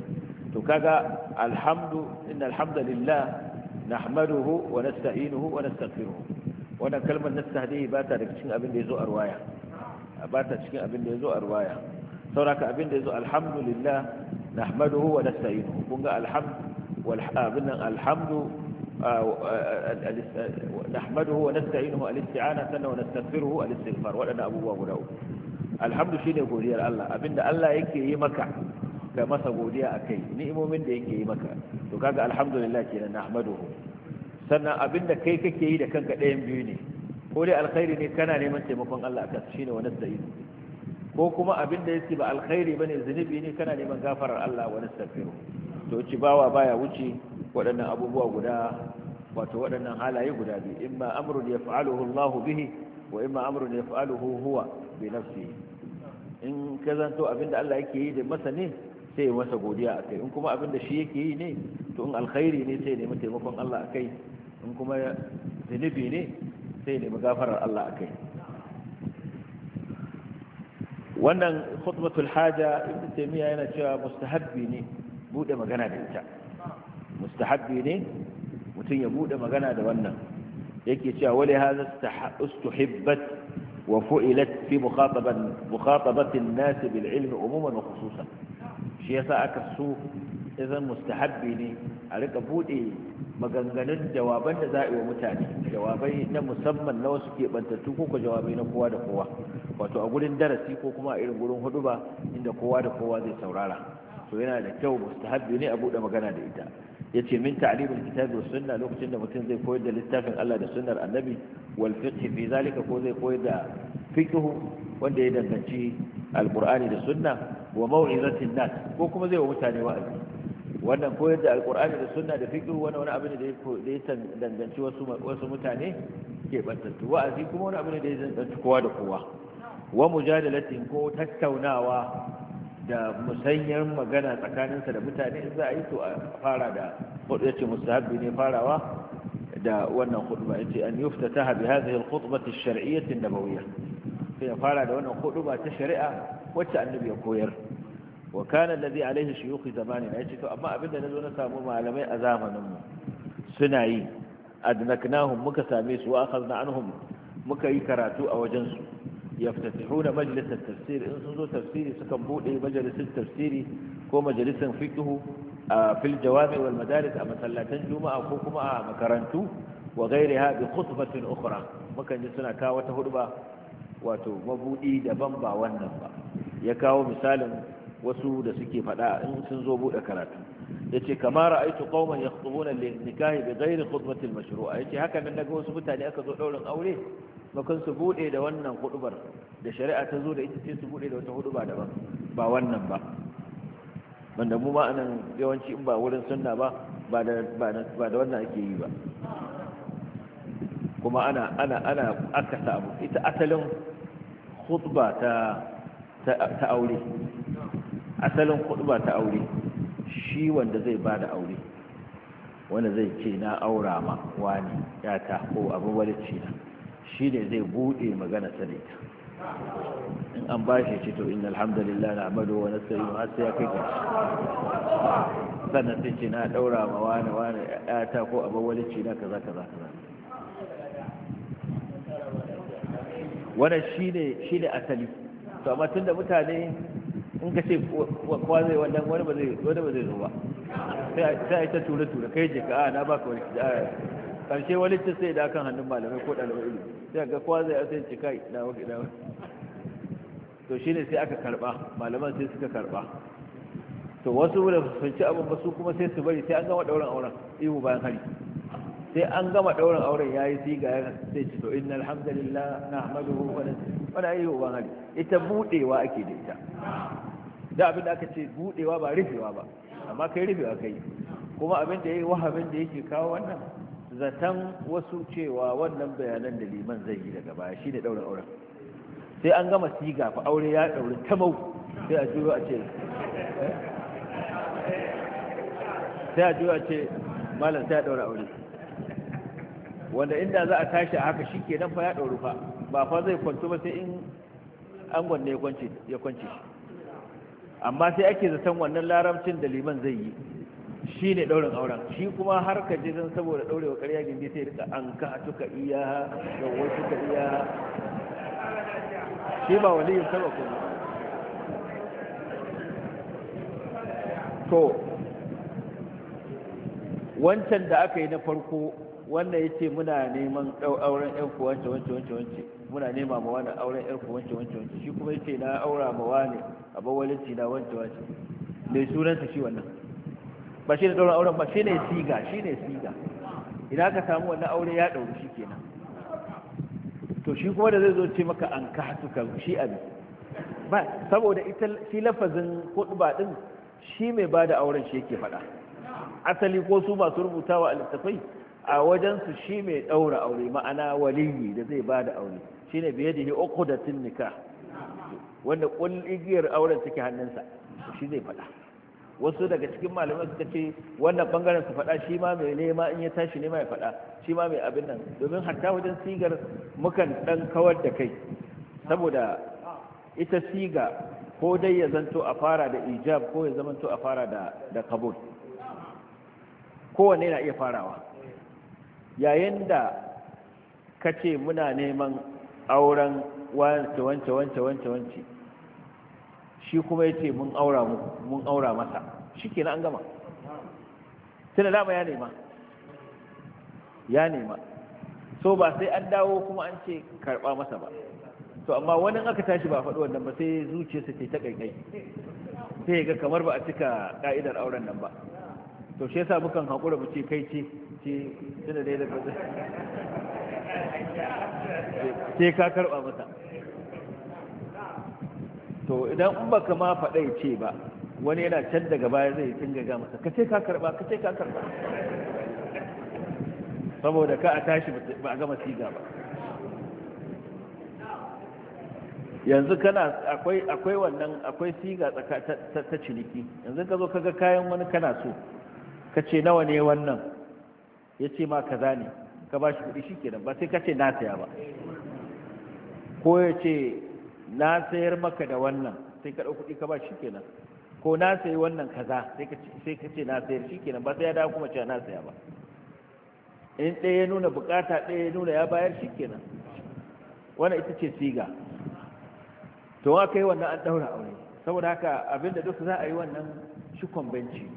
to kaga alhamdu inna alhamdulillah nahmaduhu wa nasta'inuhu wa nastaghfiruhu wannan kalmar nastahdihi ba ta daga cikin abin da yazo a ruwaya ba ta cikin abin da yazo a ruwaya sauraka abin da yazo alhamdulillah nahmaduhu wa nasta'inuhu kun ga alhamd wal abin nan alhamdu nahmaduhu wa nasta'inuhu al-isti'ana sanna wa nastaghfiruhu al-istighfar wadannan abubuwa guda uku alhamdu shine godiyar Allah abinda Allah yake yi maka ka masa godiya a kai, ni'imomin da yake yi maka to kaga alhamdulillah kenan nahmaduhu sannan abinda kai kake yi da kanka ɗayan biyu ne ko dai alkhairi ne kana neman taimakon Allah akan shine wani sa'id. ko kuma abinda yake ba alkhairi bane zunubi ne kana neman gafarar Allah wani safiru to ci bawa baya wuce waɗannan abubuwa guda wato waɗannan halaye guda biyu imma amrun yaf'aluhu Allah bihi wa imma amrun yaf'aluhu huwa bi nafsihi in ka zanto abinda Allah yake yi da masa ne sai ya masa godiya a kai, in kuma abinda shi yake yi ne to in alkhairi ne sai nemi taimakon Allah a kai, in kuma zunubi ne sai nemi gafarar Allah a kai. wannan khutbatul haja ibnu taymiya yana cewa mustahabbi ne bude magana da ita mustahabbi ne mutum ya bude magana da wannan yake cewa wali hadha istuhibbat وفعلت في مخاطبة, مخاطبة الناس بالعلم aka وخصوصا شيء ساعك السوء ne a عليك buɗe maganganun jawaban da za a yi wa mutane jawabai na musamman na wasu keɓantattu ko jawabai na kowa da kowa wato a gurin darasi ko kuma a irin gurin hudu ba inda kowa da kowa zai saurara to yana da kyau mustahabbi ne a buɗe magana da ita yace min ta'limul kitabi was sunna lokacin da mutum zai koyar da littafin Allah da sunnar annabi wal fiqh fi zalika ko zai koyar da fiqh wanda ya danganci alqur'ani da sunna wa mau'izatin nas ko kuma zai wa mutane wa'azi wannan koyar da alqur'ani da sunna da fiqh wani wani abin da ya danganci wasu wasu mutane ke bantattu wa'azi kuma wani abin da ya danganci kowa da kowa wa mujadalatin ko tattaunawa da musanyar magana tsakaninsa da mutane in za a yi to a fara da hudu ya ce mustahabbi ne farawa da wannan Ya ce an yuftataha bi hadhihi al-khutbah ash-shar'iyyah an-nabawiyyah sai ya fara da wannan ba ta shari'a wacce annabi ya koyar wa kana alladhi alayhi zamani ya ce to amma abinda zo na samu malamai a zamanin mu suna yi adnaknahum muka same su wa akhadna anhum muka yi karatu a wajen su yaftatihuna majalisar tafsiri in sun zo tafsiri sukan bude majalisar tafsiri ko majalisar fiqhu a fil jawami a masallatan juma'a ko kuma a makarantu wa ghairiha bi khutbatin ukhra mukan ji suna kawo wata hudba wato mabuɗi daban ba wannan ba ya kawo misalin wasu da suke faɗa in sun zo bude karatu yace kama ra'aytu qauman yakhtubuna linikahi bighairi khutbati almashru'a yace haka nan daga wasu mutane aka zo daurin aure bakan su bude da wannan hudubar da shari'a ta zo da ita ce su bude da wata huduba daban ba wannan ba wanda mu ma anan yawanci in ba wurin sunna ba ba da ba da wannan ake yi ba kuma ana ana ana aka samu ita asalin khutba ta ta aure asalin khutba ta aure shi wanda zai ba da aure wanda zai ce na aura ma wani ta ko wani walici na shi ne zai buɗe magana ta in an ba shi ce to inda alhamdulillah na amadu wani sai har sai ya kai sannan sai ce na ɗaura ma wani wani ta ko wani walici na kaza kaza kaza wani shi ne asali to amma tun da mutane in ka ce kowa zai wannan wani ba zai wani ba zai zo ba sai a yi ta tura tura kai je ka ah, na ka wani karshe ah, wani ta sai da kan hannun malamai ko ɗalibai ilimi sai ga kowa zai a sai ce kai na wani na wani to shine sai aka karba malaman sai suka karba to wasu da ci abin ba su kuma sai su bari sai an gama ɗaurin auren ihu bayan hari sai an gama ɗaurin auren ya yi siga ya sai ci to inna alhamdulillah na ahmadu wani ihu bayan hari ita buɗewa ake da ita da abin da aka ce budewa ba rufewa ba amma kai rufewa kai kuma abin da yayi wahabin da yake kawo wannan zatan wasu cewa wannan bayanan da liman zai yi daga baya shine daura auren sai an gama siga fa aure ya dauri tamau sai a juro a ce eh? sai a juro a ce malam sai a daura aure wanda inda za a tashi a haka shikenan fa ya daura fa ba fa zai kwanto ba sai in an gwanne ya kwance ya kwance shi amma sai ake zaton wannan larabcin da liman zai yi shi ne ɗaurin auren shi kuma har ka je don saboda ɗaurewa ƙarya gindi sai rika an ka tuka iya da wasu ka iya shi ba yin saba kuma to wancan da aka yi na farko wannan ce muna neman auren ƴan ku wance wance wance wance muna nema ma wani auren ƴan ku wance wance wance shi kuma ya ce na aura ma wani a bawalin cina wance wance mai sunansa shi wannan ba shi da dauran auren ba shi ne siga shi ne siga idan ka samu wannan aure ya dauri shi kenan to shi kuma da zai zo ce maka an ka hatuka shi abi ba saboda ita shi lafazin hudba din shi mai bada auren shi yake faɗa asali ko su masu rubutawa a littafai a wajensu shi mai ɗaura aure ma'ana waliyi da zai ba aure shi ne biye da uku da tunnika wanda igiyar auren take hannunsa shi zai faɗa wasu daga cikin malamai suka ce wannan bangaren su faɗa shi ma mai nema in ya tashi nema ya faɗa shi ma mai abin nan domin hatta wajen sigar mukan ɗan kawar da kai saboda ita siga ko dai ya zanto a fara da ijab ko ya zanto a fara da kabul kowanne na iya farawa yayin da ka ce muna neman auren wance wance wance wance wance shi kuma ya ce mun aura mun aura masa shi ke an gama tana dama ya nema ya nema so ba sai an dawo kuma an ce karba masa ba to amma wani aka tashi ba faɗi wannan ba sai zuciyarsa ce ta ƙaiƙai sai ga kamar ba a cika ƙa'idar auren nan ba to shi yasa mukan haƙura mu ce kai ce ce tuna dai da kasa sai ka karba masa to idan ba baka ma faɗai ce ba wani yana can daga baya zai tinga ga masa kace ka karba kace ka karba saboda ka a tashi ba a gama siga ba yanzu kana akwai akwai wannan akwai siga ta ciniki yanzu ka zo kaga kayan wani kana so ka ce nawa ne wannan ya ce ma kaza ne ka ba shi kuɗi shikenan ba sai ka ce na saya ba ko ya ce na sayar maka da wannan sai ka ɗau kuɗi ka ba shikenan ko na sayi wannan kaza sai ka ce na sayar shikenan ba sai ya dawo kuma cewa na saya ba in ɗaya ya nuna bukata ɗaya ya nuna ya bayar shikenan wannan ita ce siga to aka yi wannan an ɗaura aure saboda haka abinda duk za a yi wannan shi kwambanci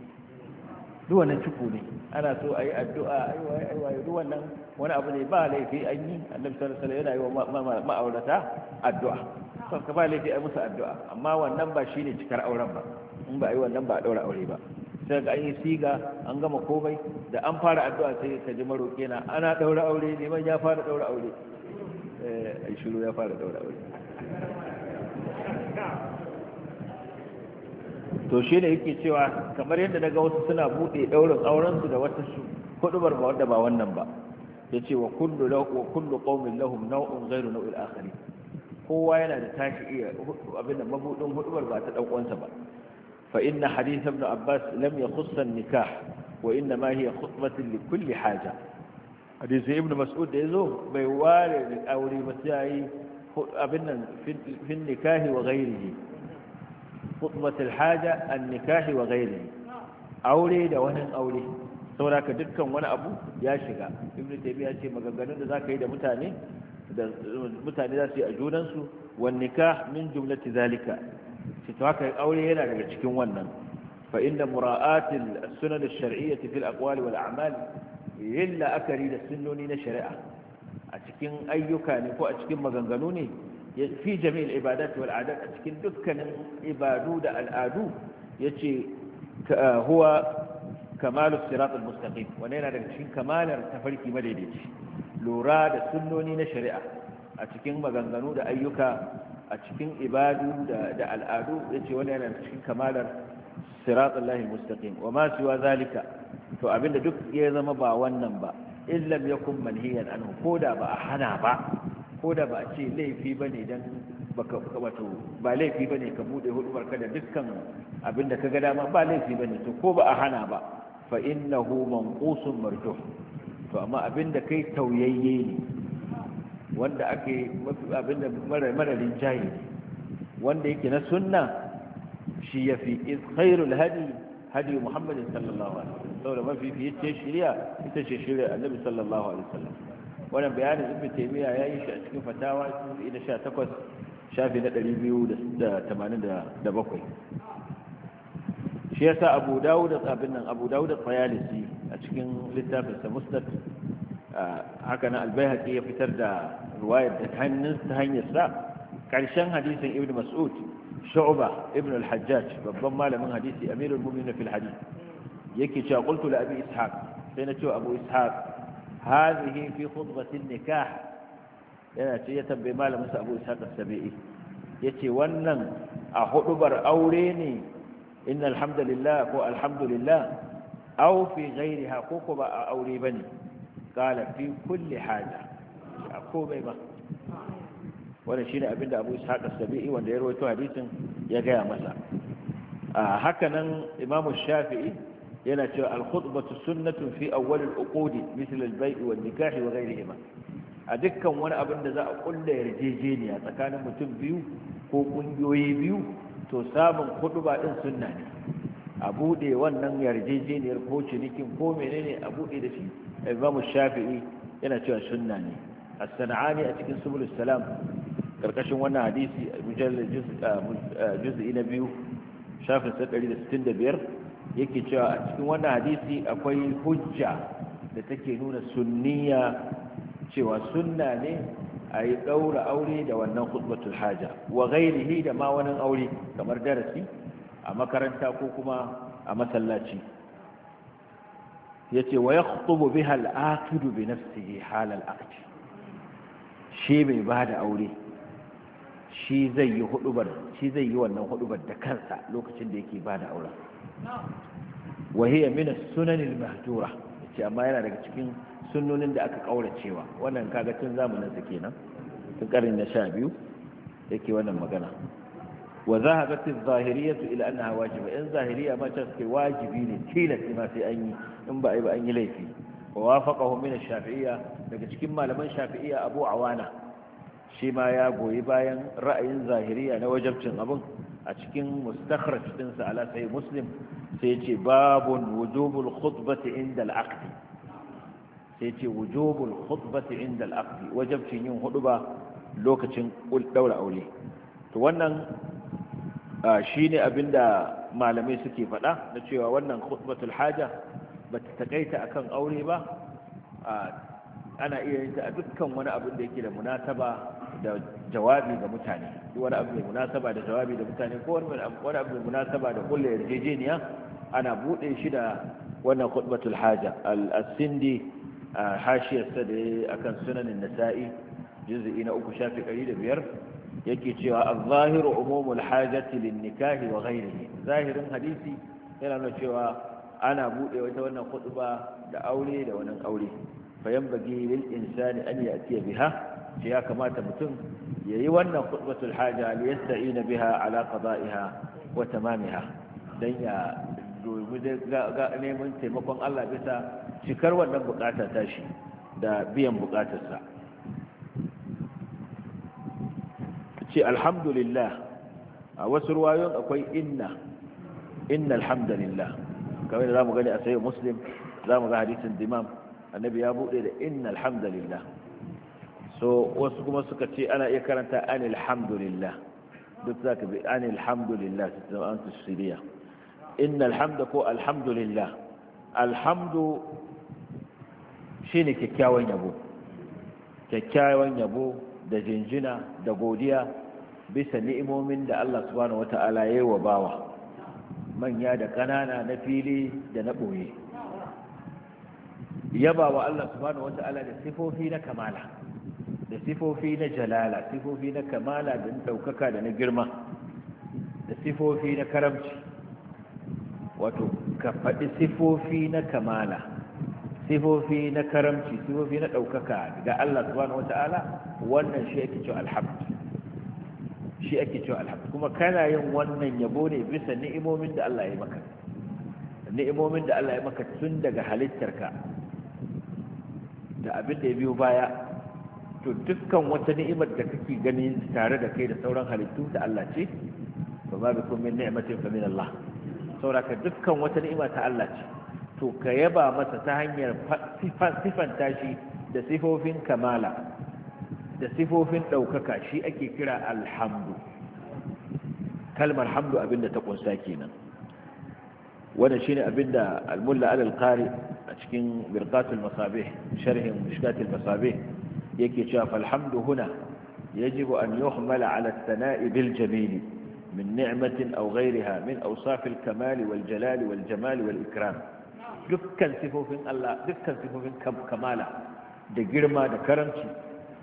duwan nan ciko ne ana so ayi addu'a ayi waye ayi waye wannan wani abu ne ba laifi an yi annabi sallallahu alaihi wasallam yana yi wa ma'aurata addu'a to ka ba laifi ayi musu addu'a amma wannan ba shine cikar auren ba in ba ayi wannan ba a daura aure ba sai ga an yi siga an gama komai da an fara addu'a sai ka ji maroƙi na ana daura aure ne man ya fara daura aure eh ai shiru ya fara daura aure to shi ne yake cewa kamar yadda daga wasu suna buɗe ɗaurin aurensu da wata hudubar ba wanda ba wannan ba ya ce wa kullu wa kullu qaumin lahum naw'un ghayru naw'il akhari kowa yana da tashi iya abin da mabudin hudubar ba ta dan uwansa ba fa inna hadith ibn abbas lam yakhuss an-nikah wa inna ma hiya khutbatun li kulli haja hadith ibn mas'ud da yazo bai ware da aure ba sai abin nan fin nikahi wa ghayrihi khutbatul haja an nikahi aure da wani aure saboda dukkan wani abu ya shiga ibnu taymiya ce maganganun da zaka yi da mutane da mutane za su yi a junansu wan nikah min jumlati zalika ce to haka aure yana daga cikin wannan fa inda mura'atil sunan ash-shar'iyyah fil aqwali wal a'mal illa akari da sunnoni na shari'a a cikin ayyuka ne ko a cikin maganganu ne fi jami'il ibadat wal adat a cikin dukkanin ibadu da al'adu yace huwa kamalu sirat al-mustaqim wannan yana daga cikin kamalar tafarki madaidaici lura da sunnoni na shari'a a cikin maganganu da ayyuka a cikin ibadu da al'adu yace wannan yana cikin kamalar sirat al-mustaqim wa ma siwa zalika to abinda duk ya zama ba wannan ba illam yakun manhiyan anhu koda ba a hana ba ko da ba a ce laifi ba ne don baka wato ba laifi ba ne ka buɗe hudumar ka da dukkan abin da ka ga dama ba laifi ba ne to ko ba a hana ba fa innahu manqusun marjuh to amma abin da kai tauyayye ne wanda ake mafi abin da mara rinjaye wanda yake na sunna shi ya fi iz khairul hadi hadi muhammadin sallallahu alaihi wasallam saboda mafi fiye ce shirya ita ce shirya annabi sallallahu alaihi wasallam wannan bayanin ibn taymiya ya yi shi a cikin fatawa da 18 shafi na 287 shi yasa abu dawud da tsabin nan abu dawud da tsayalisi a cikin littafin sa musnad haka na albayhaqi ya fitar da riwayar da hannun ta hanyar sa karshen hadisin ibn mas'ud shu'ba ibn al-hajjaj babban malamin hadisi amirul mu'minin fil hadith yake cewa qultu li abi ishaq sai na ce abu ishaq hadhihi fi khutbatin nikah yana ce ya tambayi malamin sa Abu Ishaq as yace wannan a hudubar aure ne inna alhamdulillah ko alhamdulillah aw fi ghayriha ko ko ba a aure bane qala fi kulli haja a komai ba wannan shine abinda Abu Ishaq as-Sabi'i wanda ya rawaito hadisin ya gaya masa a hakanan Imam Shafi'i yana cewa al-khutbatu sunnatun fi awwal al-uqudi mithl al-bay' nikah wa ghayrihima a dukkan wani abin da za a kulla yarjejeniya tsakanin mutum biyu ko kungiyoyi biyu to samun khutba din sunna ne a bude wannan yarjejeniyar ko cinikin ko menene a bude da shi Imam Shafi'i yana cewa sunna ne as-sana'ani a cikin subul salam karkashin wannan hadisi mujallal juz'i na biyu shafin 165 yake cewa a cikin wannan hadisi akwai hujja da take nuna sunniya cewa sunna ne a yi ɗaura aure da wannan khutbatul haja wa ghairihi da ma wani aure kamar darasi a makaranta ko kuma a masallaci yace wa yakhtubu biha al-aqidu bi nafsihi hal al-aqd shi bai bada aure shi zai yi hudubar shi zai yi wannan hudubar da kansa lokacin da yake bada auren wa hiya min as-sunan al mahdura ce amma yana daga cikin sunnonin da aka cewa wannan kaga tun zamanin sa kenan tun karin na 12 yake wannan magana wa zahabat az-zahiriyyah ila annaha wajiba in zahiriya ma ta ce wajibi ne tilas ma sai an yi in ba ai ba an yi laifi wa wafaqahu min ash-shafi'iyya daga cikin malaman shafi'iyya abu awana shi ma ya goyi bayan ra'ayin zahiriya na wajabcin abin a cikin mustakhraj din sa ala sahih muslim sai yace babun wujubul khutbati inda wujubul khutbati inda yin huduba lokacin daura aure to wannan shine abinda malamai suke faɗa na cewa wannan khutbatul haja ba ta takaita akan aure ba ana iya yin ta a dukkan wani abin da yake da munasaba da jawabi ga mutane wani abu mai munasaba da jawabi da mutane ko wani abu mai munasaba da kulle yarjejeniya ana buɗe shi da wannan khutbatul haja al-sindi hashiyarsa da akan sunanin nasa'i juz'i na uku shafi ɗari da biyar yake cewa al-zahiru umumul hajati lin nikahi wa ghairihi zahirin hadisi yana nuna cewa ana buɗe wata wannan khutba da aure da wannan aure fa yanbaghi lil insani an ya'tiya biha ce ya kamata mutum ya yi wannan khutbatul haja sai na biha ala qada'iha wa tamamiha dan ya domin ga neman taimakon Allah bisa cikar wannan bukata shi da biyan bukatarsa ce alhamdulillah a wasu ruwayon akwai inna inna alhamdulillah kamar da zamu gani a sayi muslim zamu ga hadisin dimam annabi ya bude da inna alhamdulillah so wasu kuma suka ce ana iya karanta anil alhamdulillah duk za ka bi anil alhamdulillah su zama an siriya in alhamdu ko alhamdulillah alhamdu shi ne kyakkyawan yabo kyakkyawan yabo da jinjina da godiya bisa ni'imomin da Allah subhanahu wata'ala ya yi wa bawa manya da ƙanana na fili da na ɓoye yaba wa Allah subhanahu wata'ala da sifofi na kamala da sifofi na jalala sifofi na kamala da ɗaukaka da na girma da sifofi na karamci wato ka faɗi sifofi na kamala sifofi na karamci sifofi na ɗaukaka ga Allah subhanahu wata'ala wannan shi ake cewa alhamd shi ake cewa alhamd kuma kana yin wannan yabo ne bisa ni'imomin da Allah ya maka ni'imomin da Allah ya maka tun daga halittarka da abin da ya biyo baya to dukkan wata ni'imar da kake ganin tare da kai da sauran halittu da Allah ce fa ma bikum min ni'matin fa min Allah sauraka dukkan wata ni'ima ta Allah ce to ka yaba masa ta hanyar sifan shi da sifofin kamala da sifofin ɗaukaka shi ake kira alhamdu kalmar hamdu abinda ta kunsa kenan wanda shine abinda almulla alal qari a cikin birqatul masabih sharhin mishkatul masabih شاف الحمد هنا يجب أن يخمل على الثناء بالجميل من نعمة أو غيرها من أوصاف الكمال والجلال والجمال والإكرام دكاً سفوفين الله دكاً سفوفين كمالا دقرما دكرمتي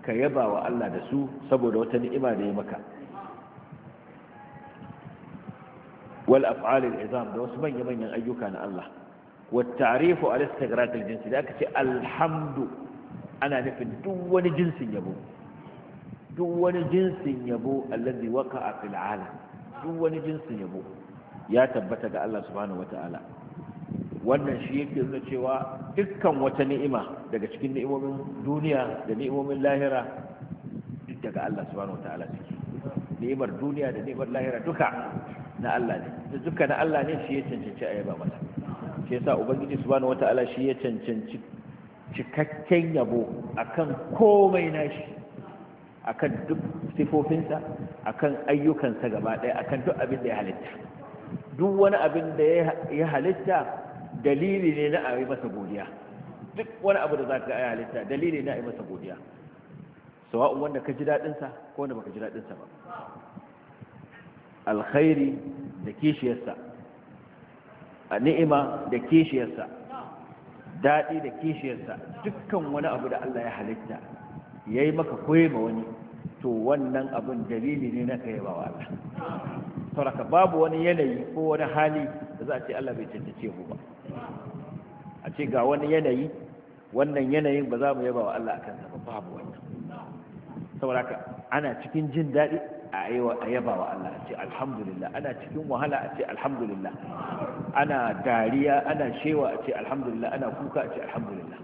كيبا وألا دسو سبو إما ديمكا والأفعال العظام دو سمين يمين أيوكان الله والتعريف على استغراض الجنس لكن الحمد ana nufin duk wani jinsin yabo duk wani jinsin yabo allazi waqa'a fil alam duk wani jinsin yabo ya tabbata ga Allah subhanahu wataala wannan shi yake nuna cewa dukkan wata ni'ima daga cikin ni'imomin duniya da ni'imomin lahira duk daga Allah subhanahu wataala suke ni'imar duniya da ni'imar lahira duka na Allah ne duka na Allah ne shi ya cancanci a yaba mata. shi yasa ubangiji subhanahu wataala shi ya cancanci cikakken yabo akan komai nashi akan duk sifofinsa akan ayyukansa gaba ɗaya akan duk abin da ya halitta duk wani abin da ya halitta dalili ne na a yi masa godiya duk wani abu da za ka yi halitta dalili ne na a yi masa godiya sawa'un wanda ka ji daɗinsa ko wanda baka ji daɗinsa ba alkhairi da kishiyarsa a ni'ima da kishiyarsa daɗi da kishiyarsa dukkan wani abu da Allah ya halitta ya yi maka koye wani to wannan abin dalili ne na kai ba Allah sauraka babu wani yanayi ko wani hali da za a ce Allah bai cancace mu ba a ce ga wani yanayi wannan yanayin ba za mu yaba wa Allah akan sa ba babu wannan sauraka ana cikin jin daɗi a yaba wa Allah a ce alhamdulillah ana cikin wahala a ce alhamdulillah ana dariya ana shewa a ce alhamdulillah ana kuka a ce alhamdulillah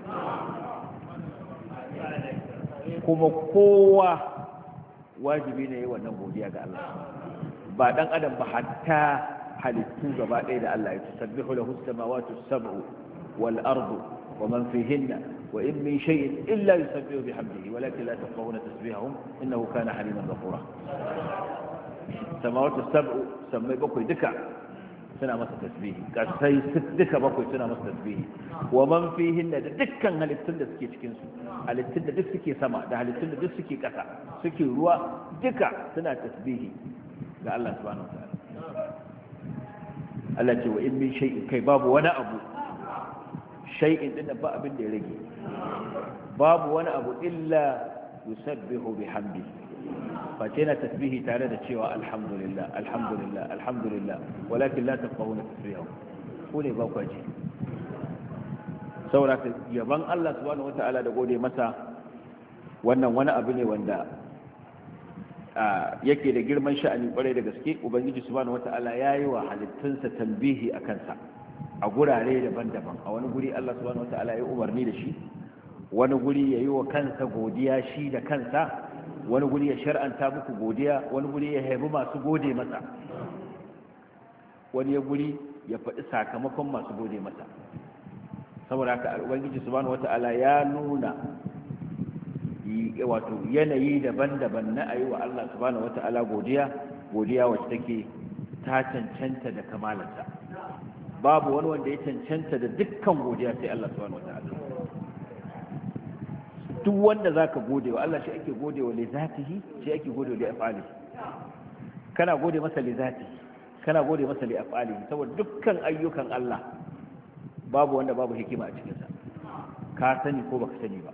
kuma kowa wajibi ne yi wannan godiya ga Allah ba dan adam ba hatta halittu gaba ɗaya da Allah ya tasabbihu lahu samawati sab'u wal ardu wa man fihinna وإن من شيء إلا يسبح بحمده ولكن لا تفقهون تسبيحهم إنه كان حليما غفورا samawatu sab'u sammai bakwai duka suna masa tasbihi kasai duka bakwai suna masa tasbihi wa man fihin da dukkan halittun da suke cikin halittun da duk suke sama da halittun da duk suke kasa suke ruwa duka suna tasbihi ga Allah subhanahu wataala Allah in kai babu wani abu shay'in din ba abin da ya rage babu wani abu illa yusabbihu bihamdi face na tasbihi tare da cewa alhamdulillah alhamdulillah alhamdulillah walakin la tafahuna tasbihu ku ne ba ku ji saboda yaban Allah subhanahu wataala da gode masa wannan wani abu ne wanda yake da girman sha'ani kwarai da gaske ubangiji subhanahu wataala yayi wa halittunsa tambihi a kansa a gurare daban-daban a wani guri Allah subhanahu wataala ya umarni da shi wani guri ya yi wa kansa godiya shi da kansa wani guri ya shar'anta muku godiya wani guri ya haifi masu gode masa wani ya guri ya faɗi sakamakon masu gode masa saboda haka ubangiji subhanahu wata'ala ya nuna wato yanayi daban-daban na ayi wa Allah subhanahu wata'ala godiya godiya wacce take ta cancanta da kamalarta babu wani wanda ya cancanta da dukkan godiya sai Allah subhanahu wata'ala duk wanda za ka gode wa Allah shi ake gode wa lezatihi shi ake gode wa afali kana gode masa lezatihi kana gode masa li saboda dukkan ayyukan Allah babu wanda babu hikima a cikin ka sani ko baka sani ba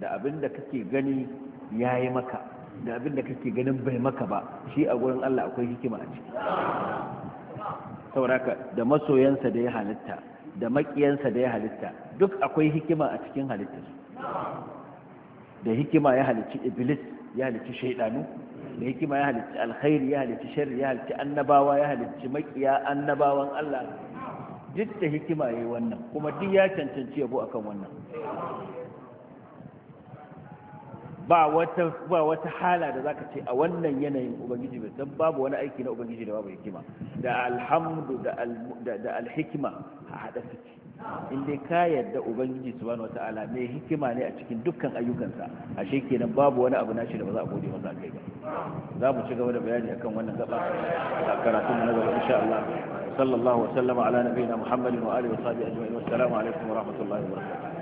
da abin da kake gani yi maka da abin da kake ganin bai maka ba shi a gurin Allah akwai hikima a ciki sauraka da masoyansa da ya halitta da makiyansa da ya halitta duk akwai hikima a cikin halittarsu da hikima ya halicci iblis ya halicci shaidanu da hikima ya halicci alkhairi ya halicci sharri ya halicci annabawa ya halicci makiya annabawan Allah duk da hikima yayi wannan kuma duk ya cancanci yabo akan wannan ba wata ba wata hala da zaka ce a wannan yanayin ubangiji bai san babu wani aiki na ubangiji da babu hikima da alhamdu da da alhikma a hada suke in dai ka yadda ubangiji subhanahu wata'ala mai hikima ne a cikin dukkan ayyukansa a kenan babu wani abu nashi da ba za a gode masa kai ba za mu ci gaba da bayani akan wannan gaba a karatun na gaba insha Allah sallallahu wa sallama ala nabiyina Muhammadin wa alihi wa sahbihi ajma'in wassalamu alaikum wa rahmatullahi wa barakatuh